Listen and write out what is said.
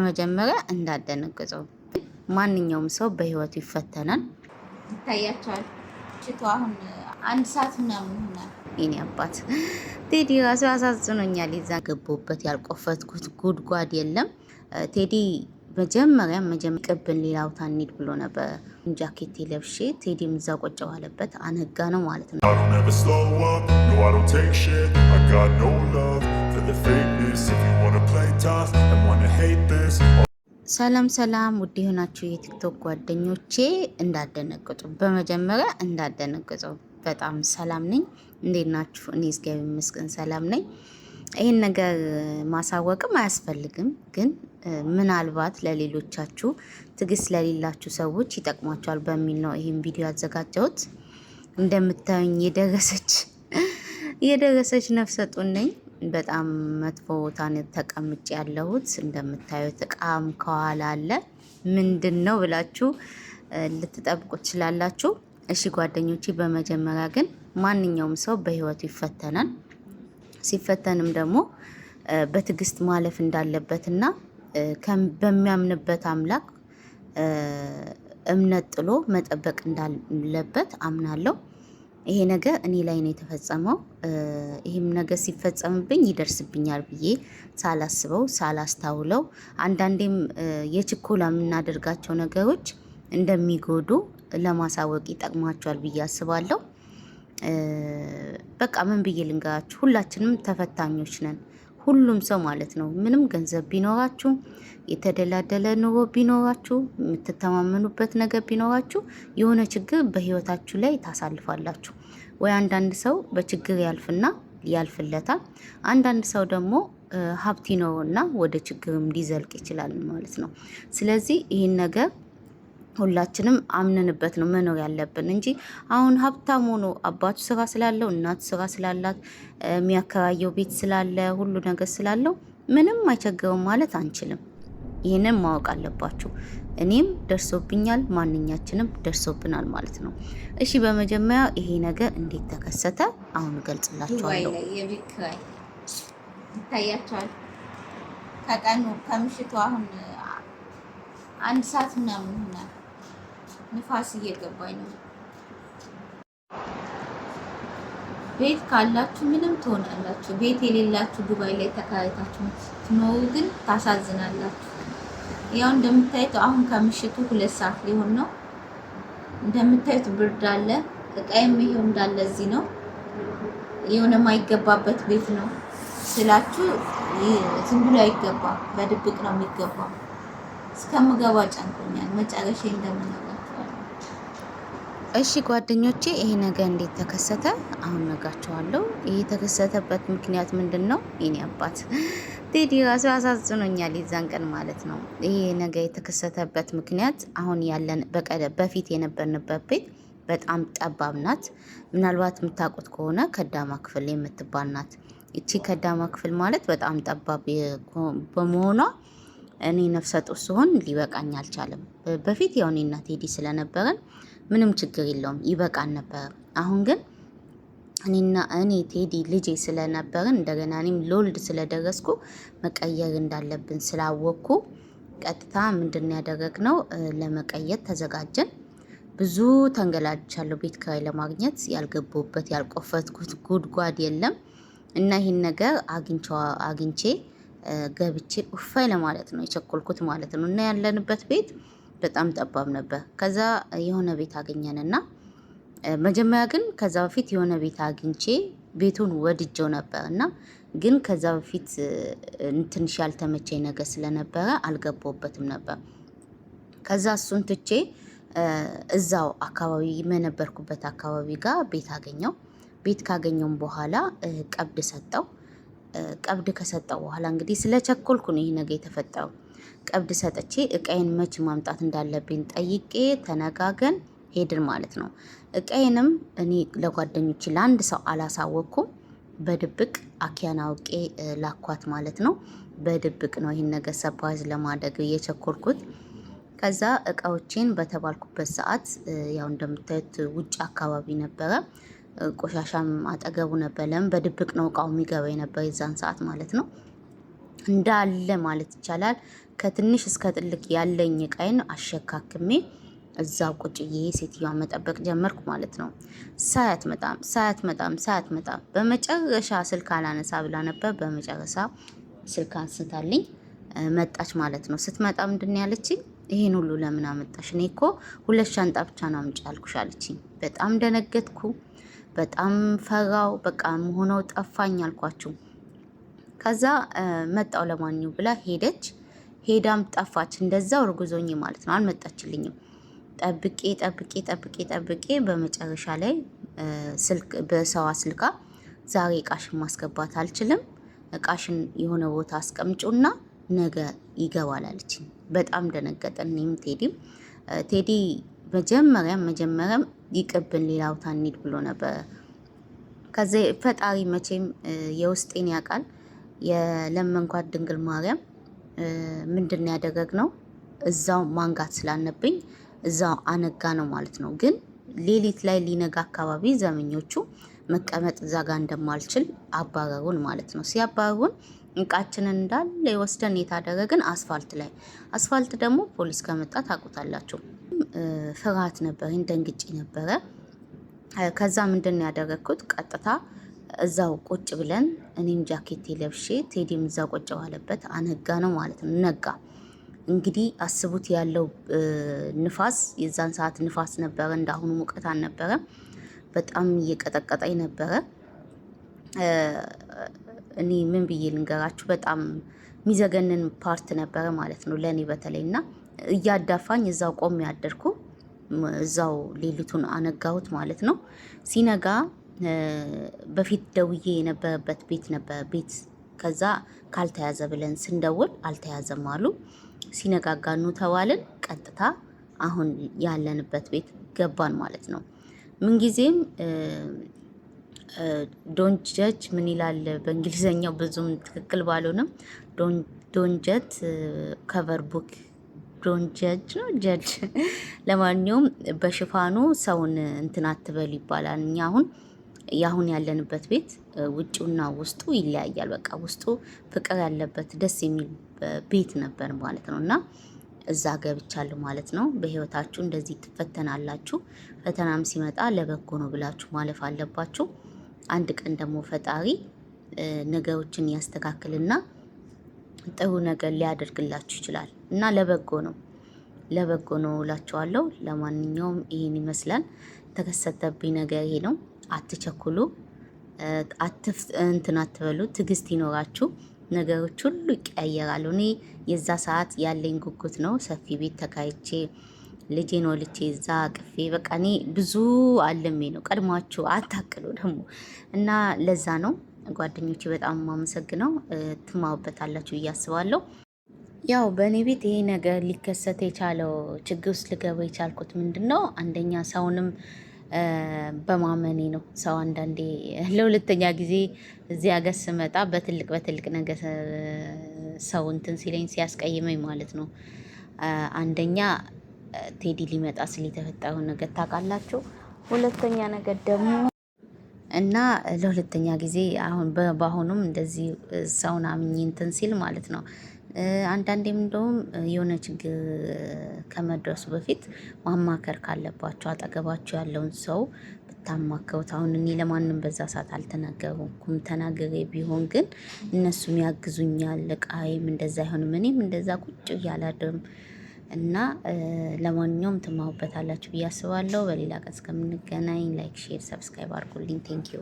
በመጀመሪያ እንዳደነገጸው ማንኛውም ሰው በህይወቱ ይፈተናል። ይታያቸዋል። ሽቶ አሁን አንድ ሰዓት ምናምን ሆናል። ይኔ አባት ቴዲ ራሱ ያሳዝኖኛል። ይዛ ገቦበት ያልቆፈትኩት ጉድጓድ የለም። ቴዲ መጀመሪያ መጀመሪያ ቅብን ሌላ ቦታ እንሂድ ብሎ ነበር። ጃኬቴ ለብሼ ቴዲ እዛ ቆጭ ባለበት አነጋ ነው ማለት ነው። ሰላም ሰላም፣ ውድ የሆናችሁ የቲክቶክ ጓደኞቼ እንዳደነገጡ በመጀመሪያ እንዳደነገጡ በጣም ሰላም ነኝ። እንዴት ናችሁ? እኔ እግዚአብሔር ይመስገን ሰላም ነኝ። ይህን ነገር ማሳወቅም አያስፈልግም፣ ግን ምናልባት ለሌሎቻችሁ ትዕግስት ለሌላችሁ ሰዎች ይጠቅሟቸዋል በሚል ነው ይህን ቪዲዮ ያዘጋጀሁት። እንደምታዩኝ የደረሰች የደረሰች ነፍሰ ጡር ነኝ። በጣም መጥፎ ቦታ ተቀምጭ ያለሁት እንደምታዩት እቃም ከኋላ አለ። ምንድን ነው ብላችሁ ልትጠብቁ ትችላላችሁ። እሺ ጓደኞቼ፣ በመጀመሪያ ግን ማንኛውም ሰው በህይወቱ ይፈተናል። ሲፈተንም ደግሞ በትዕግስት ማለፍ እንዳለበትና በሚያምንበት አምላክ እምነት ጥሎ መጠበቅ እንዳለበት አምናለሁ። ይሄ ነገር እኔ ላይ ነው የተፈጸመው፣ ይህም ነገር ሲፈጸምብኝ ይደርስብኛል ብዬ ሳላስበው ሳላስታውለው፣ አንዳንዴም የችኮላ የምናደርጋቸው ነገሮች እንደሚጎዱ ለማሳወቅ ይጠቅማቸዋል ብዬ አስባለሁ። በቃ ምን ብዬ ልንገራችሁ፣ ሁላችንም ተፈታኞች ነን። ሁሉም ሰው ማለት ነው። ምንም ገንዘብ ቢኖራችሁ፣ የተደላደለ ኑሮ ቢኖራችሁ፣ የምትተማመኑበት ነገር ቢኖራችሁ፣ የሆነ ችግር በህይወታችሁ ላይ ታሳልፋላችሁ። ወይ አንዳንድ ሰው በችግር ያልፍና ያልፍለታል። አንዳንድ ሰው ደግሞ ሀብት ይኖረውና ወደ ችግርም ሊዘልቅ ይችላል ማለት ነው። ስለዚህ ይህን ነገር ሁላችንም አምነንበት ነው መኖር ያለብን እንጂ አሁን ሀብታም ሆኖ አባቱ ስራ ስላለው እናቱ ስራ ስላላት የሚያከራየው ቤት ስላለ ሁሉ ነገር ስላለው ምንም አይቸግረውም ማለት አንችልም። ይህንን ማወቅ አለባችሁ። እኔም ደርሶብኛል፣ ማንኛችንም ደርሶብናል ማለት ነው። እሺ በመጀመሪያ ይሄ ነገር እንዴት ተከሰተ አሁን እገልጽላችኋለሁ። ይታያቸዋል። ከቀኑ ከምሽቱ አሁን አንድ ሰዓት ምናምን ይሆናል ንፋስ እየገባኝ ነው። ቤት ካላችሁ ምንም ትሆናላችሁ። ቤት የሌላችሁ ዱባይ ላይ ተከራይታችሁ ትኖሩ ግን ታሳዝናላችሁ። ያው እንደምታዩት አሁን ከምሽቱ ሁለት ሰዓት ሊሆን ነው። እንደምታዩት ብርድ አለ። እቃይም ይሄው እንዳለ እዚህ ነው። የሆነ የማይገባበት ቤት ነው ስላችሁ ዝም ብሎ አይገባ፣ በድብቅ ነው የሚገባው። እስከምገባ ጨንቆኛል። መጨረሻ እንደምንገባ እሺ ጓደኞቼ ይሄ ነገር እንዴት ተከሰተ? አሁን ነጋቸዋለሁ። ይሄ የተከሰተበት ምክንያት ምንድን ነው? የኔ አባት ቴዲ ራሱ አሳዝኖኛል፣ የዛን ቀን ማለት ነው። ይሄ ነገር የተከሰተበት ምክንያት አሁን ያለን በፊት የነበርንበት ቤት በጣም ጠባብ ናት። ምናልባት የምታውቁት ከሆነ ከዳማ ክፍል የምትባል ናት። ይቺ ከዳማ ክፍል ማለት በጣም ጠባብ በመሆኗ እኔ ነፍሰ ጡር ስሆን ሊበቃኝ አልቻለም። በፊት ያው እኔና ቴዲ ስለነበረን ምንም ችግር የለውም ይበቃን ነበር። አሁን ግን እኔና እኔ ቴዲ ልጄ ስለነበርን እንደገና እኔም ሎልድ ስለደረስኩ መቀየር እንዳለብን ስላወቅኩ ቀጥታ ምንድን ያደረግነው ለመቀየር ተዘጋጀን። ብዙ ተንገላጅቻለሁ። ቤት ኪራይ ለማግኘት ያልገቡበት ያልቆፈትኩት ጉድጓድ የለም እና ይህን ነገር አግኝቼ ገብቼ ኡፋይ ለማለት ነው የቸኮልኩት ማለት ነው እና ያለንበት ቤት በጣም ጠባብ ነበር። ከዛ የሆነ ቤት አገኘንና መጀመሪያ ግን ከዛ በፊት የሆነ ቤት አግኝቼ ቤቱን ወድጀው ነበር እና ግን ከዛ በፊት ትንሽ ያልተመቸኝ ነገር ስለነበረ አልገባውበትም ነበር። ከዛ እሱን ትቼ እዛው አካባቢ የመነበርኩበት አካባቢ ጋር ቤት አገኘው። ቤት ካገኘውም በኋላ ቀብድ ሰጠው። ቀብድ ከሰጠው በኋላ እንግዲህ ስለቸኮልኩ ነው ይህ ነገር የተፈጠረው። ቀብድ ሰጥቼ እቃዬን መች ማምጣት እንዳለብኝ ጠይቄ ተነጋገን ሄድን ማለት ነው። እቃዬንም እኔ ለጓደኞች ለአንድ ሰው አላሳወቅኩም። በድብቅ አኪያን አውቄ ላኳት ማለት ነው። በድብቅ ነው ይህን ነገር ሰባዝ ለማደግ የቸኮልኩት። ከዛ እቃዎቼን በተባልኩበት ሰዓት ያው እንደምታዩት ውጭ አካባቢ ነበረ፣ ቆሻሻም አጠገቡ ነበለም። በድብቅ ነው እቃው የሚገባ የነበር የዛን ሰዓት ማለት ነው። እንዳለ ማለት ይቻላል ከትንሽ እስከ ትልቅ ያለኝ እቃዬን አሸካክሜ እዛ ቁጭ ይሄ ሴትዮዋን መጠበቅ ጀመርኩ ማለት ነው። ሳያት መጣም ሳያት መጣም ሳያት መጣም በመጨረሻ ስልክ አላነሳ ብላ ነበር። በመጨረሻ ስልክ አንስታልኝ መጣች ማለት ነው። ስትመጣ ምንድን ያለች ይሄን ሁሉ ለምን አመጣሽ? እኔ እኮ ሁለት ሻንጣ ብቻ ነው አምጪ ያልኩሽ አለችኝ። በጣም ደነገጥኩ። በጣም ፈራው። በቃ መሆነው ጠፋኝ አልኳችሁ። ከዛ መጣው ለማንኛው ብላ ሄደች። ሄዳም ጠፋች። እንደዛው እርጉዞኝ ማለት ነው አልመጣችልኝም። ጠብቄ ጠብቄ ጠብቄ ጠብቄ በመጨረሻ ላይ ስልክ በሰው አስልካ ዛሬ እቃሽን ማስገባት አልችልም፣ እቃሽን የሆነ ቦታ አስቀምጪውና ነገ ይገባል አለችኝ። በጣም ደነገጠን። እኔም ቴዲም ቴዲ መጀመሪያም መጀመሪያም ይቅብን ሌላ ቦታ እንሂድ ብሎ ነበር። ከዚ ፈጣሪ መቼም የውስጤን ያውቃል። የለመንኳት ድንግል ማርያም ምንድን ነው እዛው ማንጋት ስላለብኝ እዛው አነጋ ነው ማለት ነው። ግን ሌሊት ላይ ሊነጋ አካባቢ ዘመኞቹ መቀመጥ እዛ ጋር እንደማልችል አባረሩን ማለት ነው። ሲያባረሩን እቃችንን እንዳለ የወስደን የታደረግን አስፋልት ላይ አስፋልት ደግሞ ፖሊስ ከመጣ ታውቁታላችሁ። ፍርሃት ነበረኝ፣ ደንግጬ ነበረ። ከዛ ምንድን ያደረግኩት ቀጥታ እዛው ቁጭ ብለን እኔም ጃኬቴ ለብሼ ቴዲም እዛ ቁጭ ባለበት አነጋ ነው ማለት ነው። ነጋ እንግዲህ አስቡት ያለው ንፋስ፣ የዛን ሰዓት ንፋስ ነበረ፣ እንዳሁኑ ሙቀት አልነበረ። በጣም እየቀጠቀጠኝ ነበረ። እኔ ምን ብዬ ልንገራችሁ፣ በጣም የሚዘገንን ፓርት ነበረ ማለት ነው ለእኔ በተለይ እና እያዳፋኝ እዛው ቆም ያደርኩ እዛው ሌሊቱን አነጋሁት ማለት ነው ሲነጋ በፊት ደውዬ የነበረበት ቤት ነበር ቤት ከዛ ካልተያዘ ብለን ስንደውል አልተያዘም አሉ። ሲነጋጋኑ ተባልን። ቀጥታ አሁን ያለንበት ቤት ገባን ማለት ነው። ምንጊዜም ዶንት ጀጅ ምን ይላል በእንግሊዝኛው ብዙም ትክክል ባልሆንም፣ ዶንጀት ከቨር ቡክ ዶንት ጀጅ ነው ጀጅ። ለማንኛውም በሽፋኑ ሰውን እንትን አትበሉ ይባላል። እኛ አሁን ያሁን ያለንበት ቤት ውጭውና ውስጡ ይለያያል። በቃ ውስጡ ፍቅር ያለበት ደስ የሚል ቤት ነበር ማለት ነው እና እዛ ገብቻለሁ ማለት ነው። በህይወታችሁ እንደዚህ ትፈተናላችሁ። ፈተናም ሲመጣ ለበጎ ነው ብላችሁ ማለፍ አለባችሁ። አንድ ቀን ደግሞ ፈጣሪ ነገሮችን ያስተካክልና ጥሩ ነገር ሊያደርግላችሁ ይችላል እና ለበጎ ነው ለበጎ ነው እላችኋለሁ። ለማንኛውም ይህን ይመስላል። ተከሰተብኝ ነገር ይሄ ነው። አትቸኩሉ፣ እንትን አትበሉ፣ ትዕግስት ይኖራችሁ። ነገሮች ሁሉ ይቀያየራሉ። እኔ የዛ ሰዓት ያለኝ ጉጉት ነው። ሰፊ ቤት ተካይቼ ልጄን ወልቼ እዛ ቅፌ በቃ እኔ ብዙ አለሜ ነው። ቀድሟችሁ አታቅሉ ደግሞ እና ለዛ ነው ጓደኞች በጣም የማመሰግነው። ትማሩበታላችሁ ብዬ አስባለሁ። ያው በእኔ ቤት ይሄ ነገር ሊከሰት የቻለው ችግር ውስጥ ልገባ የቻልኩት ምንድን ነው አንደኛ ሰውንም በማመኔ ነው። ሰው አንዳንዴ ለሁለተኛ ጊዜ እዚህ ሀገር ስመጣ በትልቅ በትልቅ ነገር ሰው እንትን ሲለኝ ሲያስቀይመኝ ማለት ነው። አንደኛ ቴዲ ሊመጣ ስል የተፈጠረው ነገር ታውቃላችሁ። ሁለተኛ ነገር ደግሞ እና ለሁለተኛ ጊዜ አሁን በአሁኑም እንደዚህ ሰውን አምኜ እንትን ሲል ማለት ነው አንዳንዴም እንደውም የሆነ ችግር ከመድረሱ በፊት ማማከር ካለባቸው አጠገባቸው ያለውን ሰው ብታማከሩት አሁን እኔ ለማንም በዛ ሰዓት አልተናገርኩም። ተናግሬ ቢሆን ግን እነሱም ያግዙኛል። እቃዬም እንደዛ አይሆንም፣ እኔም እንደዛ ቁጭ እያላድርም እና ለማንኛውም ትማሩበታላችሁ ብዬ አስባለሁ። በሌላ ቀን እስከምንገናኝ ላይክ፣ ሼር፣ ሰብስክራይብ አድርጉልኝ። ቴንኪዩ